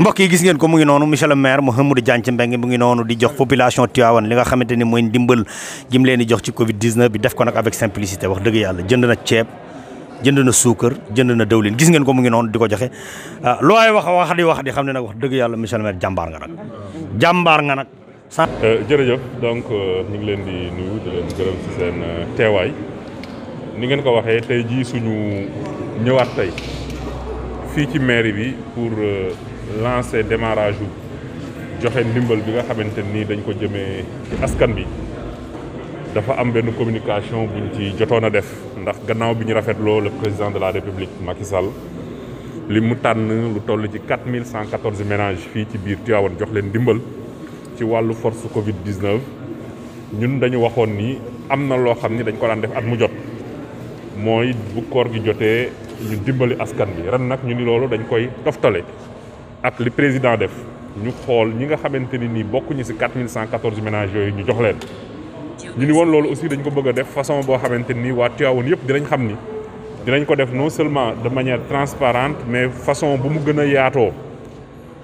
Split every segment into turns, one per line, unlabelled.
mbokk yi gis ngeen ko mu ngi noonu monsieur maire Mouhamadou Diagne Mbengue mu ngi noonu di jox population Tivaouane li nga xamante ni mooy ndimbal jim leen di jox ci Covid 19 bi def ko nag avec simplicité wax dëgg yàlla jënd na ceeb jënd na suukar jënd na dawlin gis ngeen ko mu ngi noonu di ko joxe ah, looy wax wax di wax di xam ne nag wax dëgg yàlla monsieur le maire jàmbaar nga nag nga nag. Euh, jërëjëf donc euh, ñu ngi leen di nuyu di leen gërëm ci seen euh, teewaay ni ngeen ko waxee tey jii suñu ñëwaat tey fii ci mairie bi lancé démarrage joxe ndimbal bi nga xamante ni dañ ko jëmee ci askan bi dafa am benn communication buñ ci jotoon a def ndax gannaaw bi ñu rafetloo le président de la république Macky Sall li mu tànn lu toll ci quatre mille cent quatorze ménages fii ci biir Tivaouane jox leen ndimbal ci wàllu force Covid 19 ñun dañu waxoon nii am na loo xam ni dañ ko daan def at mu jot mooy bu koor gi jotee ñu dimbali askan bi ren nag ñu ni loolu dañ koy toftale ak li président def ñu xool ñi nga xamante ni nii bokkuñu ci 4114 ménages yooyu ñu jox leen. ñu ni woon loolu aussi dañ ko bëgg a def façon boo xamante ni waa Tivaouane yëpp dinañ xam ni dinañ ko def non seulement de manière transparente mais façon bu mu gën a yaatoo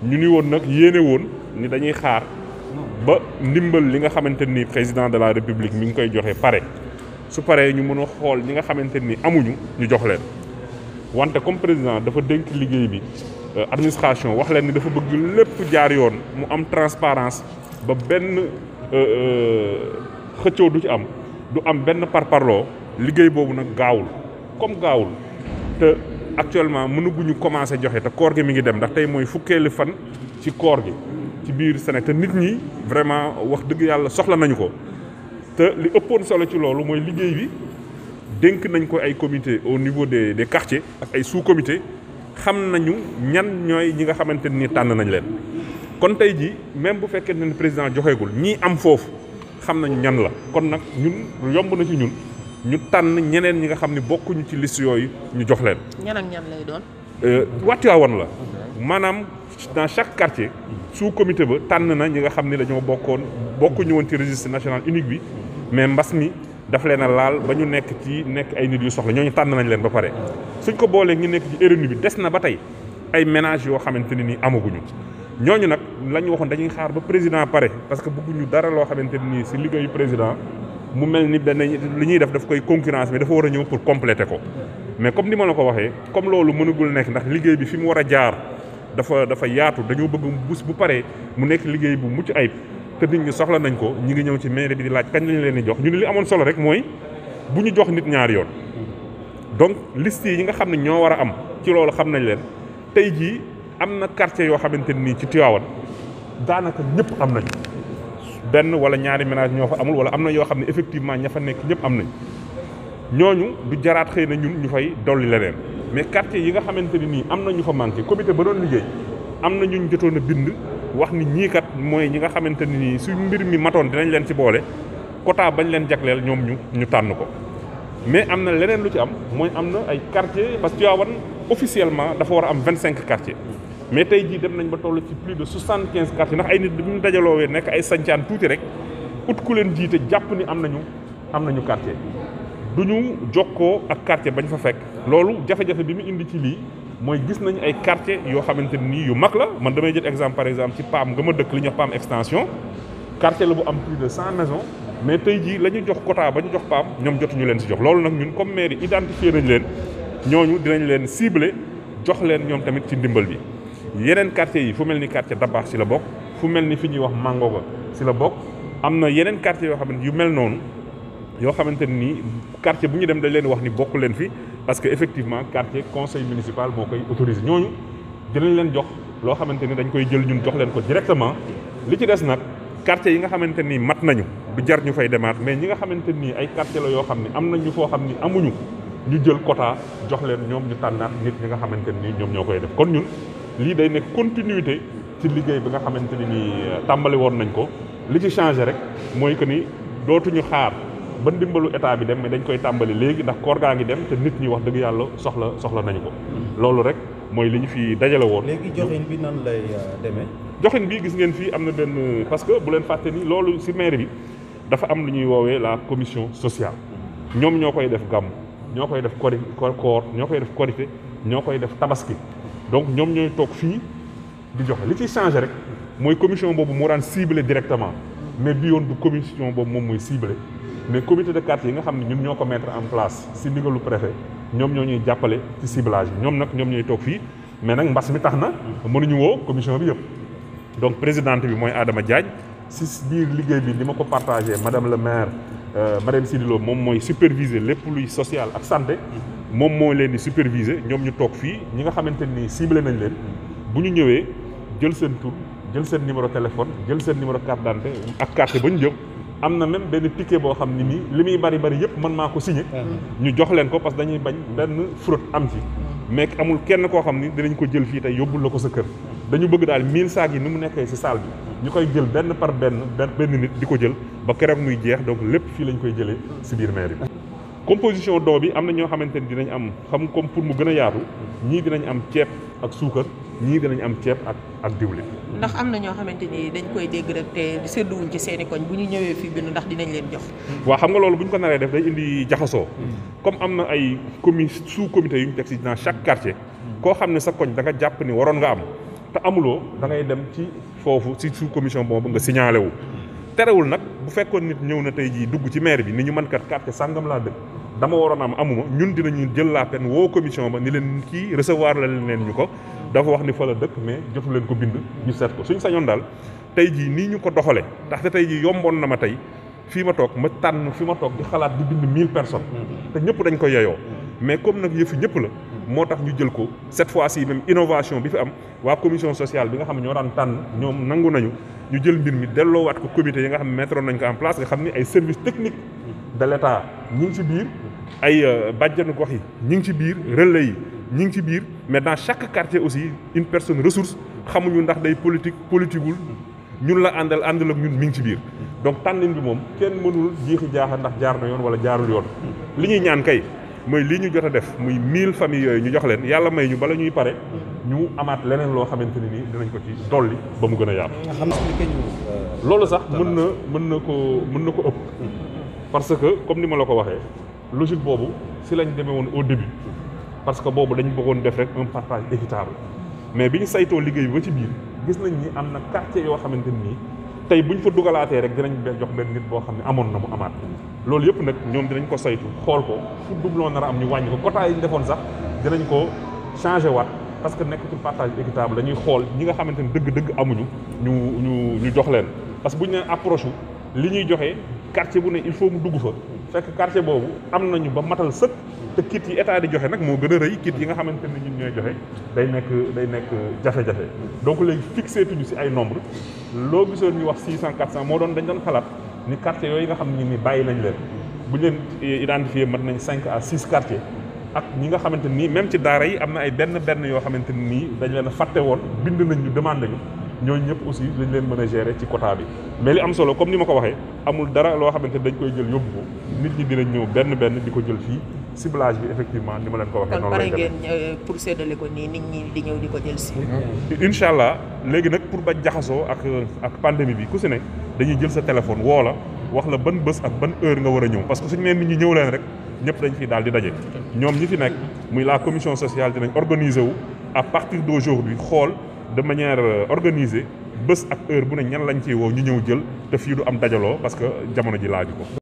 ñu ni woon nag yéene woon ni dañuy xaar ba ndimbal li nga xamante ni président de la république mi ngi koy joxe pare su paree ñu mën xool ñi nga xamante ni amuñu ñu jox leen wante comme président dafa bi. Euh, administration wax leen ni dafa bëgg lépp jaar yoon mu am transparence ba benn euh, euh, xëccoo du ci am du am benn par parparloo liggéey boobu nag gaawul comme gaawul te actuellement mënaguñu commencé joxe te koor gi mi ngi dem ndax tey mooy fukkeeli fan ci koor gi ci biir Sénégal te nit ñi vraiment wax dëgg yàlla soxla nañu ko te li ëppoon solo ci loolu mooy liggéey bi dénk nañ ko ay comité au niveau des des quartiers ak ay sous comité xam nañu ñan ñooy ñi nga xamante nii tànn nañ leen kon tey jii même bu fekkee ne président joxeegul ñii am foofu xam nañu ñan la kon nag ñun yomb na ci ñun ñu tànn ñeneen ñi nga xam ne bokkuñu ci liste yooyu ñu jox leen. ñan ak ñan lay doon. Euh, Tivaouane la maanaam dans chaque quartier sous comité ba tànn na ñi nga xam ne dañoo bokkoon bokkuñu woon ci registre national unique bi mais mbas mi. daf leen a laal ba ñu nekk ci nekk ay nit yu soxla ñooñu tànn nañ leen ba pare suñ ko boolee ngi nekk ci RNU bi des na ba tey ay ménage yoo xamante ne nii amaguñu ñooñu nag la ñu waxoon dañuy xaar ba président pare parce que bëgguñu dara loo xamante ne nii si liggéeyu président mu mel ni benn li ñuy def daf koy concurrence mais dafa war a ñëw pour compléter ko mais comme ni ma la ko waxee comme loolu mënagul nekk ndax liggéey bi fi mu war a jaar dafa dafa yaatu dañoo bëgg bus bu paree mu nekk liggéey bu mucc ayib te nit ñi soxla nañ ko ñi ngi ñëw ci mairie bi di laaj kañ lañ leen di jox ñu ne li amoon solo rek mooy bu ñu jox nit ñaari yoon donc liste yi nga xam ne ñoo war a am ci loolu xam nañ leen tey jii am na quartier yoo xamante nii ci Tivaouane daanaka ñëpp am nañ benn wala ñaari menage ñoo fa amul wala am na yoo xam ne effectivement ña fa nekk ñëpp am nañ ñooñu du jaraat xëy na ñun ñu fay dolli leneen mais quartier yi nga xamante ni nii am na ñu fa manqué comité ba doon liggéey am na ñu jotoon a bind wax ni ñiikat mooy ñi nga xamante ne nii suñ mbir mi matoon dinañ leen ci boole quota bañ leen jagleel ñoom ñu ñu tànn ko. mais am na leneen lu ci am mooy am na ay quartiers parce que Tivaouane officiellement dafa war a am vingt cinq quartiers mais tey jii dem nañ ba toll ci plus de soixante quinze quartiers ndax ay nit bu ñu dajaloowee nekk ay sancaan tuuti rek ut ku leen jiite jàpp ni am nañu am nañu quartier du ñu jokkoo ak quartier bañ fa fekk. loolu jafe-jafe bi mu indi ci lii. mooy gis nañu ay quartier yoo xamante nii yu mag la man damay jël exemple par exemple ci PAM nga ma dëkk li ñuy wax PAM extension quartier la bu am plus de cent maisons mais tey jii la ñu jox quota ba ñu jox PAM ñoom jotuñu leen si jox loolu nag ñun comme mairie identifié nañu leen ñooñu dinañ leen ciblé jox leen ñoom tamit ci ndimbal bi yeneen quartier yi fu mel ni quartier Dabaax si la bokk fu mel ni fi ñuy wax màngoo Mangoga si la bokk am na yeneen quartier yoo xam ne yu mel noonu yoo xamante nii quartier bu ñu dem dañ leen wax ni bokk leen fi parce que effectivement quartier conseil municipal moo koy autorisé ñooñu dinañ leen jox loo xamante ni dañ koy jël ñun jox leen ko directement li ci des nag quartier yi nga xamante ni mat nañu du jar ñu fay demaat mais ñi nga xamante ni ay quartier la yoo xam ne am ñu foo xam ni amuñu ñu jël quota jox leen ñoom ñu tànnaat nit ñi nga xamante ni ñoom ñoo koy def kon ñun lii day nekk continuité ci liggéey bi nga xamante ni euh, tàmbali woon nañ ko li ci changé rek mooy que ni dootuñu xaar. ba ndimbalu état bi dem mais dañ koy tàmbali léegi ndax koor gaa ngi dem te nit ñi wax dëgg yàlla soxla soxla nañu ko loolu rek mooy li ñu fi dajale woon léegi joxin bi nan lay euh, demee joxin bi gis ngeen fii am na benn parce que bu leen fàtte ni loolu si maire bi dafa am lu ñuy woowee la commission sociale ñoom ñoo koy def gàmmu ñoo koy def kori koor ñoo koy def korité ñoo koy def tabaski donc ñoom ñooy toog fii di joxe li ciy changé rek mooy commission boobu mu daan ciblé directement mais bi yoon du commission boobu moom mooy ciblé mais comité de quartier nga xam ne ñun ñoo ko mettre en place si ndigalu préfet ñoom ñoo ñuy jàppale ci ciblage bi ñoom nag ñoom ñooy toog fii mais nag mbas mi tax na ñu woo commission bi yëpp donc présidente bi mooy Adama Diagne si biir liggéey bi li ma ko partagé madame le maire euh, madame Sidi Lo moom mooy superviser lépp luy social ak santé moom moo leen di superviser ñoom ñu toog fii ñi nga xamante ni ciblé nañ leen bu ñu ñëwee jël seen tur jël seen numéro téléphone jël seen numéro carte d'identité ak carte ba ñu jëm am na même benn ticket boo xam ni nii li muy bari bari yëpp man maa ko signé. Mm. ñu jox leen ko parce que dañuy bañ benn fraude am ci. Mm. mais amul kenn koo xam ni dinañ ko jël fii tey yóbbul la ko sa kër. dañu bëgg daal mille saak yi ni mu nekkee ci salle bi. ñu koy jël benn par benn benn nit di ko jël ba keroog muy jeex donc lépp fii lañ koy jëlee si biir mairie bi. composition doo bi am na ñoo xamante ni dinañ am xam comme pour mu gën a yaatu ñii dinañ am ceeb. ak suukar ñii danañ am ceeb ak ak diwlin. ndax am na ñoo xamante ni dañ koy dégg rek te sedduwuñ ci seeni koñ bu ñu ñëwee fii bind ndax dinañ leen jox. waa xam nga loolu bu ñu ko naree def day indi jaxasoo. Hmm. comme am na ay comi suu comité yu ñu teg chaque quartier. Hmm. koo xam ne sa koñ da jàpp ni waroon nga am amuloo da dem ci foofu si sous commission boobu nga signalé wu. Hmm. terewul nag bu fekkoon nit ñëw na tey jii dugg ci maire bi ni ñu mën kat quartier sàngam laa dëkk. dama waroon am amuma ñun dinañu jël la peine woo commission ba ni leen kii recevoir la leen ñu ko dafa wax ni fa la dëkk mais jotu leen ko bind ñu seet ko suñ sañoon daal tey jii nii ñu ko doxale ndaxte tey jii yomboon na ma tey fii ma toog ma tànn fii ma toog di xalaat di bind mille personnes te ñëpp dañ ko yeyoo mais comme nag yëfi ñëpp la moo tax ñu jël ko cette fois-ci même innovation bi fi am waa commission sociale bi nga xam ne ñoo daan tànn ñoom nangu nañu ñu jël mbir mi delloowaat ko comité yi nga xam ne mettre nañ ko en place xam ni ay services techniques de l'État ñu ngi ci biir ay euh, bàjjan gox yi ñi ngi ci biir relais yi ñi ngi ci biir mais dans chaque quartier aussi une personne ressource xamuñu ndax day politique politiquewul ñun la àndal àndal ak ñun mi ngi ci biir donc tànnin bi moom kenn mënul jiixi jaaxa ndax jaar na yoon wala jaarul yoon li ñuy ñaan kay mooy lii ñu jot a def muy mille familles yooyu ñu jox leen yàlla may ñu bala ñuy pare ñu amaat leneen loo xamante ne nii dinañ ko ci dolli ba mu gën a yaatu loolu sax mën na mën na ko mën na ko que comme ni ma la ko waxee logique boobu si lañ demee woon au début parce que boobu lañu bëggoon def rek un partage équitable mais bi ñu saytoo liggéey ba ci biir gis nañ ni am na quartier yoo xamante nii tey bu ñu fa dugalaatee rek dinañ jox benn nit boo xam ne amoon na mu amaat loolu yëpp nag ñoom dinañ ko saytu xool ko fu dubloo nar am ñu wàññi ko quota yi ñu defoon sax dinañ ko changé waat parce que nekkatul partage équitable dañuy xool ñi nga xamante ni dëgg-dëgg amuñu ñu ñu ñu jox leen parce que bu ñu nee approche li ñuy joxe quartier bu ne il faut mu dugg fa fekk quartier boobu am nañu ba matal sëkk te kit yi état di joxe nag moo gën a rëy kit yi nga xamante ne ñun ñooy joxe day nekk day nekk jafe-jafe donc léegi fixé tuñu si ay nombre loo gisoon ñu wax 600 400 moo doon dañ doon xalaat ni quartier yooyu nga xam ne ni bàyyi nañ leen bu ñu leen eh, identifié mat nañ 5 à 6 quartiers ak ñi nga xamante nii même ci daara yi am na ay benn benn yoo xamante nii dañ leen a fàtte woon bind nañ ñu demandé ñu ñooñu ñëpp aussi dañ leen mën a gérer ci quota bi mais li am solo comme ni ma ko waxee amul dara loo xamante dañ koy jël yóbbu ko nit ñi dinañ ñëw benn benn di ko jël fii ciblage bi effectivement ni ma leen ko waxee. noonu lay demee kon pare ngeen euh, pour séddale ko nii nit ñi di ñëw di ko jël si. Mm-hmm. incha allah léegi nag pour ba jaxasoo ak euh, ak pandémie bi ku si ne dañuy jël sa téléphone woola wax la ban bës ak ban heure nga war a ñëw parce que suñu nee nit ñi ñëw leen rek ñëpp dañ fi daal di daje. ñoom ñi fi nekk muy la commission sociale dinañ organiser wu à jour d'aujourd'hui xool de manière euh, organisée bés ak heure bu ne ñan lañ ciy woo ñu ñëw jël fii du am dajaloo parce que jamono ji laaju ko.